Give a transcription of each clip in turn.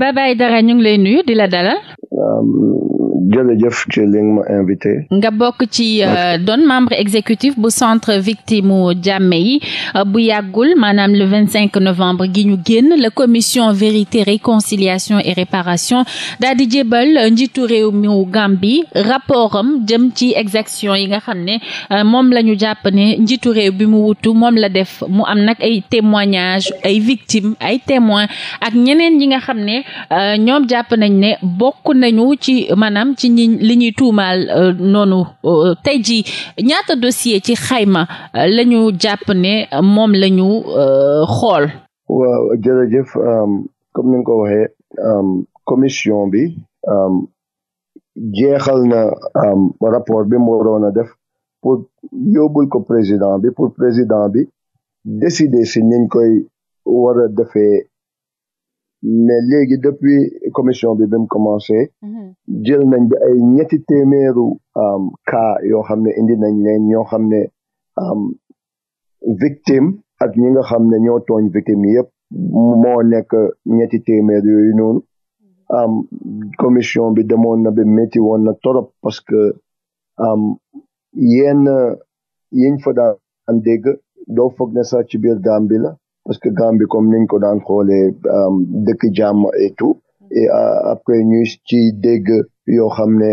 Baba Aidara ñu ngi lay nuyu di la Euh, jërëjëf ci li nga ma invité. nga bokk ci euh, doon membre exécutif bu centre victime u yi euh, bu yàggul maanaam le vingt cinq novembre gi ñu génn la commission vérité réconciliation et réparation daal di jébal njiitu réew mi Gambie rapport am jëm ci exaction yi nga xam ne moom lañu ñu jàpp ne njiitu réew bi mu wutu moom la def mu am nag ay témoignage ay victimes ay témoins ak ñeneen yi nga xam ne ñoom jàpp nañ ne bokk na nañu ci maanaam ci ñi li ñuy tuumaal euh, noonu euh, tey ji ñaata dossier ci xayma euh, la ñu jàpp ne moom lañu ñu xool. waaw comme ni nga ko waxee commission bi jeexal na rapport bi mu waroon a def pour yóbbul ko président bi pour président bi décider si niñ koy war a mais léegi depuis commission bi ba mu commencé. Mhm. jël nañ bi ay ñetti téeméeru cas yoo xam ne indi nañ leen ñoo xam ne victime ak ñi nga xam ne ño tooñ victime yëpp moo nekk ñetti téeméer yooyu noonu. am commission bi demoon na bi métti woon na torop parce que um, yenn yiñ fa daan dégg doo foog ne sax ci biir Gàmbi la parce que Gambie comme niñ ko daan xoolee dëkk jàmm et après ñu ci dégg yoo xam ne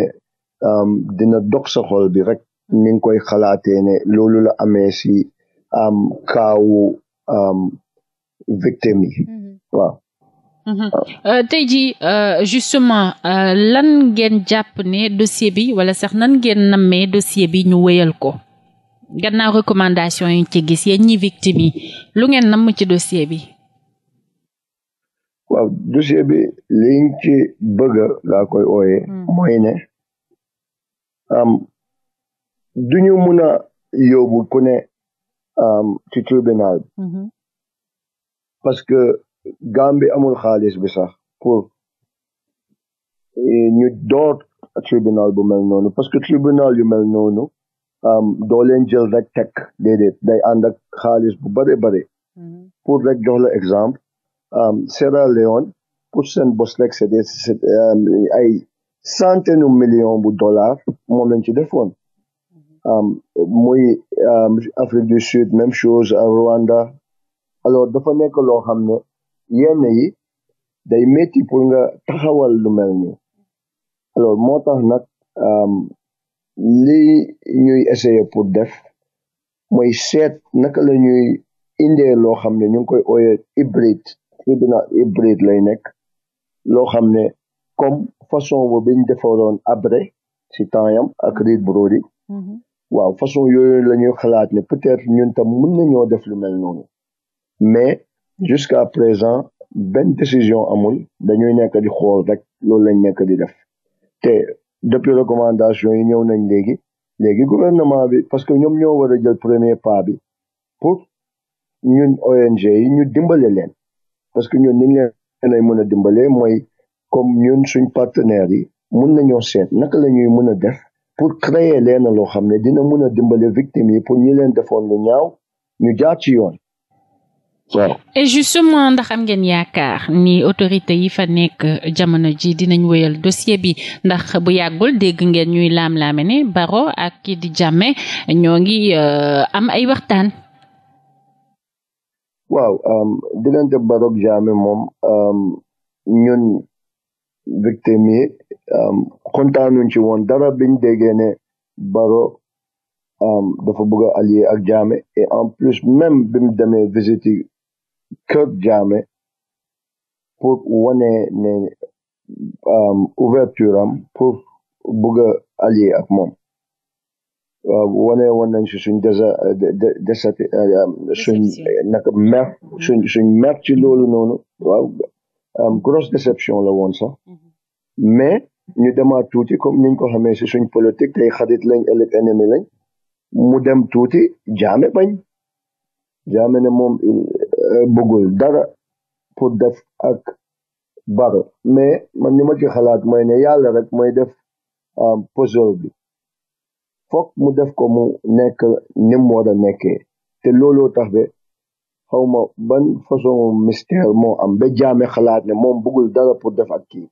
dina dox sa bi rek ni nga koy xalaatee ne loolu la amee si am kaawu victime yi mm-hmm. waaw mm-hmm. Euh, tey jii euh, justement euh, lan ngeen jàpp ne dossier bi wala sax nan ngeen nammee dossier bi nu wéyal ko gannaaw recommandation yi ci gis yéen ñi victime yi lu ngeen namm ci dossier bi. waaw dossier bi liñ ci bëgg laa koy ooyee. Hmm. mooy am du ñu mun a yóbbu ci tribunal mm-hmm. parce que Gambie amul xaalis bi sax pour eh, ñu door tribunal bu mel noonu parce que tribunal yu mel noonu. doo leen jël rek teg déedéet day ànd ak xaalis bu bare bare mm-hmm. pour rek jox la exemple Sierra Leone pour seen bos rek c'est ay centaine million bu dollars moom lañ ci defoon mm-hmm. muy Afrique du Sud même chose Rwanda alors dafa nekk loo xam ne yenn yi day métti pour nga taxawal lu mel nii alors moo tax nag li ñuy essayer pour def mooy seet naka la ñuy indee loo xam ne ñu ngi koy ooye hybride tribunal hybride lay nekk loo xam ne comme façon ba biñ defaroon abré si temps yam ak Reed Brody mm-hmm. waaw façon yooyu lañuy xalaat ne peut-être ñun tam mën nañoo def lu mel noonu mais jusqu'à présent benn décision amul dañuy nekk di xool rek loolu lañ nekk di def te depuis recommandation yi ñëw nañ léegi léegi gouvernement bi parce que ñoom ñoo war a jël premier pas bi pour ñun ONG yi ñu dimbale leen parce que ñun niñ leen lay mën a dimbalee mooy comme ñun suñ partenaires yi mun nañoo seet naka la ñuy mën a def pour créer leen loo xam ne dina mun a dimbale victimes yi pour ñu leen defoon lu ñaaw ñu jaar ci yoon waaw justement ndax am ngeen yaakaar ni autorité yi fa nekk jamono ji dinañ woyal dossier bi ndax bu yàggul dégg ngeen ñuy laam-laame ne Baro ak kii di Jammeh ñoo ngi euh, am ay waxtaan waaw diggante Baro ak Jammeh moom ñun victime yi kontaanuñ ci woon dara biñ déggee ne Baro dafa bëgg a ak Jammeh et en plus même bi mu visite Kër Jammeh pour wane ne ouverture am pour bëgg a ak moom waaw wane woon nañ si suñ desa desati suñ naka mer suñ suñ mer ci loolu noonu waaw grosse déception la woon sax mm-hmm. mais ñu demaat tuuti comme niñ ko xamee si suñ politique tey xarit lañ ëllëg ennemi lañ mu dem tuuti Jammeh bañ Jammeh ne moom bëggul dara pour def ak Baro mais man ni ma ci xalaat mooy ne yàlla rek mooy def um, puzzle bi foog mu def ko mu nekk ni mu war te looloo tax ba xaw ma ban façon mystère moo am ba jaame xalaat ne moom bëggul dara pour def ak kii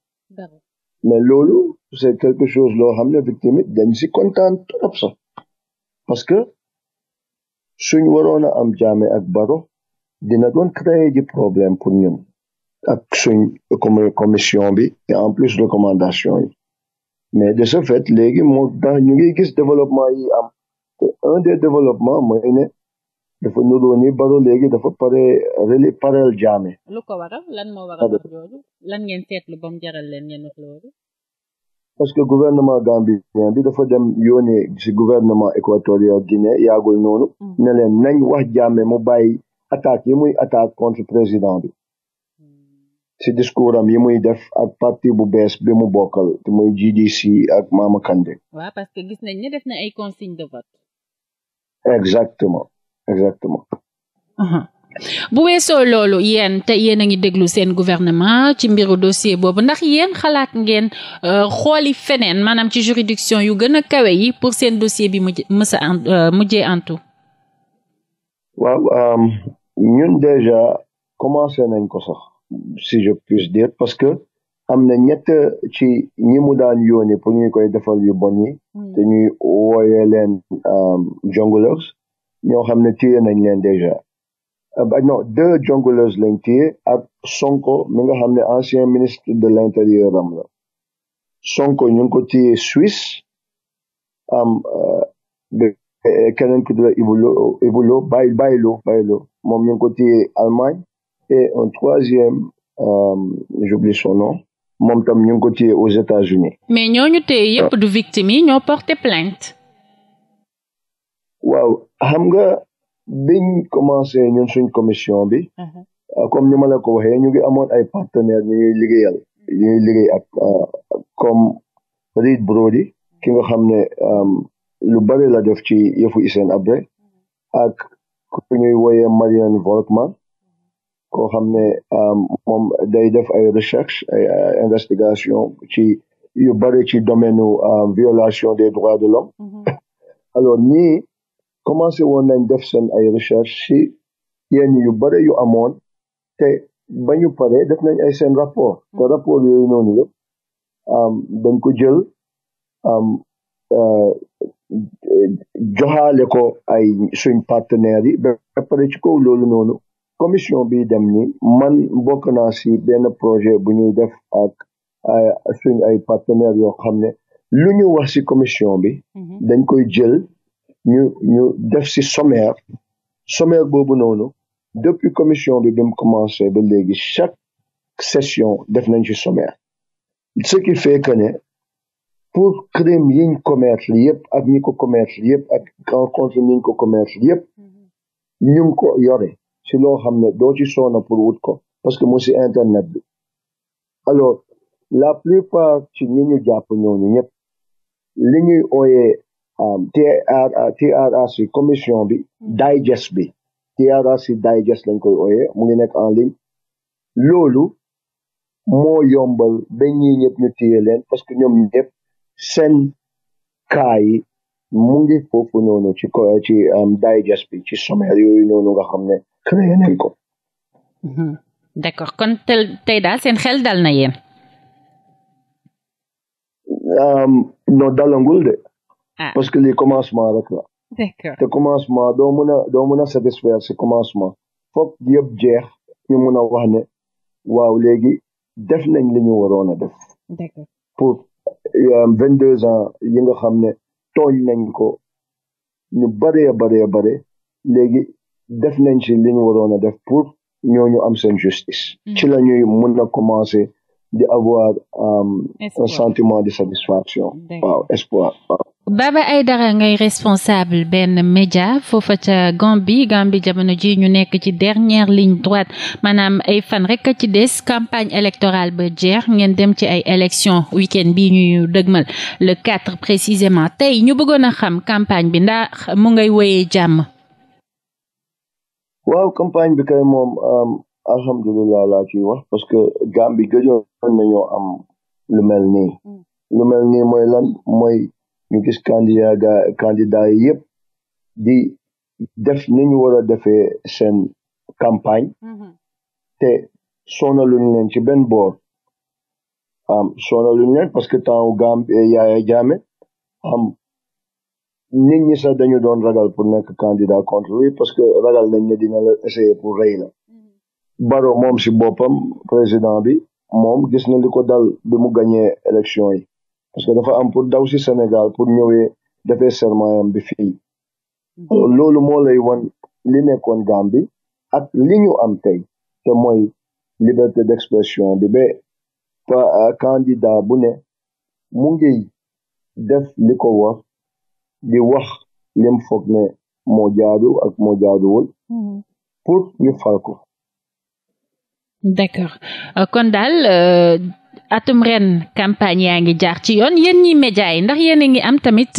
mais loolu c'est quelque chose loo xam ne victime it si kontaan trop parce que suñ waroon am jaame ak Baro dina doon créer du problème pour ñun ak suñ commission bi en plus recommandation yi mais de ce fait léegi moo tax ñu ngi gis développement yi am te un des développements mooy ne dafa nuroo ni baro léegi dafa pare reli pareel jaame lu ko waral lan moo waral loolu lan ngeen seetlu ba mu jaral leen ngeen wax loolu parce que gouvernement gambien bi dafa dem yónnee ci gouvernement équatorial Guinée yaagul noonu mm. ne leen nañ wax jaame mu bàyyi attaques yi muy attaque contre président bi ci discours yi muy def ak parti bu bees bi mu bokkal te muy GDC ak Mama Kandeh. waa parce que gis nañ ne def na ay consigne de vote. exactement exactement. bu weesoo loolu yéen te yéen a ngi déglu seen gouvernement ci mbiru dossier boobu ndax yéen xalaat ngeen euh, xooli feneen maanaam ci juridiction yu gën a kawe yi pour seen dossier bi mu mësa euh, mujjee antu. waaw. ñun déjà commencé nañ ko sax si je puis dire parce que am na ñett ci ñi mu daan yónni pour ñu koy defal yu bon yi hmm. te ñuy wooyee leen euh, jongleurs ñoo xam ne téye nañ leen déjà euh, non deux jongleurs lañ téye ak Sonko mi nga xam ne ancien ministre de l'intérieur am la Sonko ñu ngi ko téye Suisse am euh, Eh, keneen ki tudd Ibuloo Ibuloo Bay Baylo Baylo moom ñu ngi ko téye Allemagne et un troisième euh, j'oublie son nom moom tam ñu ngi ko téye aux États-Unis mais ñooñu téye yëpp du victime yi ñoo porté plainte waaw xam nga biñ commencé ñu suñ commission bi uh-huh. euh, comme ni ma la ko waxee ñu ngi amoon ay partenaires ñu ngi liggéey ak euh, comme Reed Brody ki nga xam ne lu bari la def ci yëfu yi Hissène Habré ak ku ñuy woyee Marianne Volkmann koo xam ne euh, moom day def ay recherche ay investigation ci yu bari ci domaine euh, violation des droits de l'homme mm-hmm. alors ñii commencé woon nañ def seen ay recherche si yenn yu bari yu amoon te ba ñu pare def nañ ay seen rapport mm-hmm. te rapport yooyu noonu yëpp euh, dañ ko jël joxaale ko ay suñ partenaires yi ba pare ci kaw loolu noonu commission bi dem ni man bokk naa si benn projet bu ñuy def ak suñ ay partenaires yoo xam ne lu ñu wax si commission bi mhm. dañ koy jël ñu def si sommaire sommaire boobu noonu depuis commission bi bi mu commencé ba léegi chaque session def nañ ci sommaire ce qui fait que ne pour crime yiñ commerce yëpp ak ñi ko commerce yëpp ak grand consomme ko commerce yëpp mhm. ñu ngi ko yore si loo xam ne doo ci soona pour wut ko parce que mu si internet bi alors la plupart ci ñu ñu jàpp ñooñu ñëpp li ñuy ooyee um, TRRC commission bi mhm. digest bi TRRC digest lañ koy ooyee mu ngi nekk en ligne loolu moo yombal ba ñii ñëpp ñu téye parce que ñoom ñëpp seen kaa yi mu ngi foofu noonu ci ko ci digest bi ci sommaire yooyu noonu nga xam ne créé nañ ko. Mhm. d'accord kon tey daal seen xel dal na yéen. non dalangul de. Ah. parce que li commencement rek la. d'accord te commencement doo mën a doo mën a satisfaire si commencement. foog yëpp jeex ñu mën a wax ne waaw léegi def nañ li ñu waroon a def. vingt deux ans yi nga xam ne tooñ nañ ko ñu baree baree bare léegi def nañ ci li ñu waroon a def pour ñooñu am seen justice mm. ci la ñuy mën a commencer di avoir euh, un sentiment de satisfaction espoir Baba Aidara ngay responsable benn média foofa ca Gambie Gambie jamono ji ñu nekk ci dernière ligne droite maanaam ay fan rek ci des campagne électorale ba jeex ngeen dem ci ay élection week-end bi ñu dëgmal le 4 tey ñu bëggoon a xam campagne bi ndax mu ngay woyee jàmm waaw campagne bi kay moom alhamdulilah laa ciy wax parce que Gambie gëjoon nañoo am lu mel nii mm. lu mel nii mooy lan mooy ñu gis candidat candidat yi yëpp di def ni ñu war a defee seen campagne mm-hmm. te soonaluñ leen ci benn boor am soonaluñ leen parce que temps u Gamb Yaaya Jammeh am nit ñi sax dañu doon ragal pour nekk candidat contre lui parce que ragal nañ ne dina la essayer pour mm-hmm. Baro moom si boppam président bi moom gis na li ko dal di mu gañee élection yi parce que dafa am pour daw si Sénégal pour ñëwee defee serment yam bi fii mhm. loolu moo lay wan li nekkoon Gambie ak li ñu am tey te mooy liberté d'expression bi ba euh, candidat bu ne mu ngi def li ko wax di wax lim foog ne moo jaadu ak moo mhm. pour ñu fal ko euh, kon daal euh, atum ren campagne yaa ngi jaar ci yoon yéen ñi média yi ndax yéen a ngi am tamit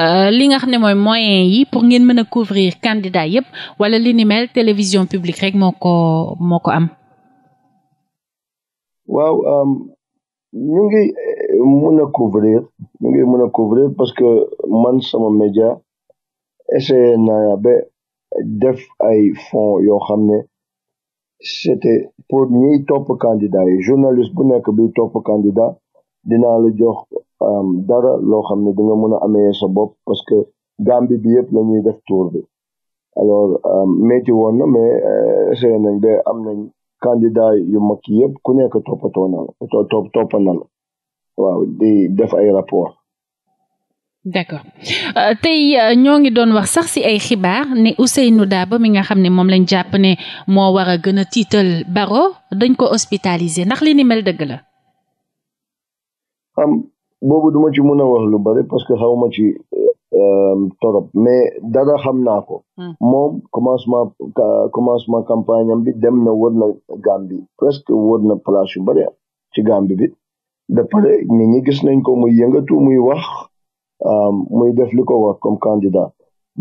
euh, li nga xam ne mooy moyen yi pour ngeen mën a couvrir candidat yépp wala li ni télévision publique rek moo ko moo ko am. waaw euh, ñu ngi mën couvrir parce que man sama média essayé naa ba def ay fonds yoo xam ne. c'était pour ñiy topp candidat yi journaliste bu nekk biy topp candidat dinaa la jox dara loo xam ne di nga mën a amee sa bopp parce que Gambie bi yëpp la ñuy def tour bi alors métti woon na mais euh, essayé nañ ba am nañ candidat yu mag yëpp ku nekk toppatoo na la waaw di def ay rapport d'accord euh, tey euh, ñoo ngi doon wax sax ci ay xibaar ne Ousseynou Daba mi nga xam ne moom lañ jàpp ne moo war a gën a tiital Baro dañ ko hospitaliser ndax li ni mel dëgg la. am boobu duma ci mun a wax lu bari parce que xawma ci euh, torop mais dara xam naa ko. Hmm. moom commencement commencement campagne am bi dem na wër na Gambie presque wër na place yu bari ci Gambie bi de pare ñi gis nañ ko muy yëngatu muy wax. muy def li ko wax comme candidat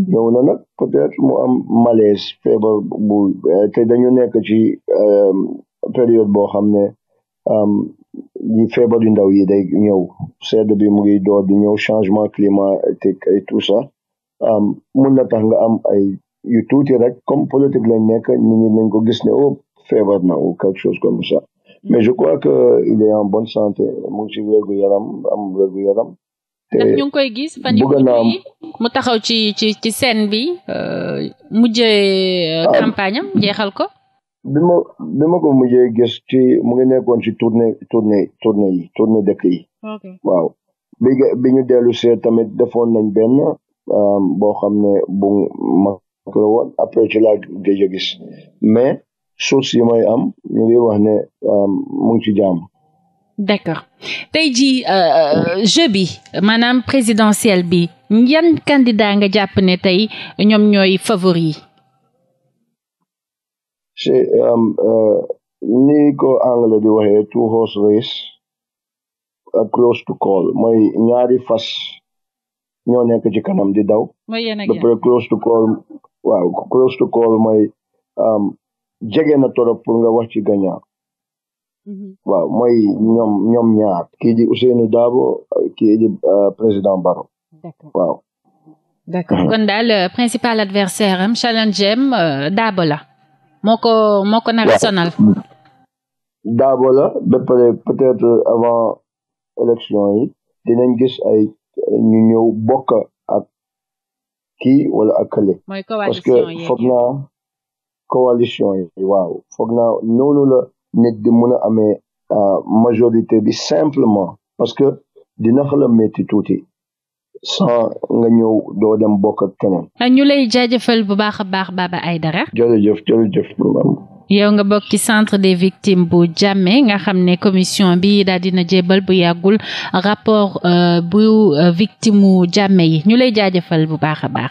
ñëw na nag peut mu am malaise feebar bu eh, te dañu nekk ci période boo xam ne yi feebar yu ndaw yi day ñëw sedd bi mu ngi door di ñëw changement climat et tout ça mun na tax nga am ay tuuti rek comme politique lañ nekk nit ñi nañ ko gis ne oh feebar na ou quelque chose comme ça mais je crois que il est en bonne santé mu ngi ci wérgu yaram am wérgu yaram te ñu ngi koy gis fan yi mu taxaw ci ci ci seen bi euh, mujjee euh, ah, campagne am jeexal ko bi ma bi ma ko mujjee gis ci mu ngi nekkoon ci tournée tournée tournée yi tournée dëkk yi waaw bi bi ñu dellu tamit defoon nañ benn euh, boo xam ne bu mag la après ci laa géej a gis mais source yi may am ñu ngi wax ne mu ngi ci jàmm d'accord tey jii euh, euh, jeu bi maanaam présidentiel bi yan candidat nga jàpp ne tey ñoom ñooy favori yi. si euh, ni ko anglais di waxee tu horse race a close to call mooy ñaari fas ñoo nekk ci kanam di daw. mooy yéen a close to call waaw close to call mooy jege na torop pour nga wax ci gagnant. Mm-hmm. waaw mooy ñoom ñoom ñaar kii di Ousseynou Dabo kii di euh, président Barrow waaw d'accord mm-hmm. kon daal euh, principal adversaire am challenger am euh, Dabo la moo ko moo ko nar Dabo la ba pare peut-être avant élection yi dinañ gis ay ñu ñëw bokk ak kii wala ak kële parce que foog naa coalition yi waaw foog naa noonu la nit di mun a amee euh, majorité bi simplement parce que dina xala métti tuuti sans nga ñëw doo dem bokk ak ah, ñu lay jaajëfal bu baax a baax Baba Aidara. jërëjëf jërëjëf. yow nga bokki ci centre des victimes bu Jammeh nga xam ne commission bi daal dina jébal bu yàggul rapport euh, bu euh, victime u Jammeh yi ñu lay jaajëfal bu baax a baax.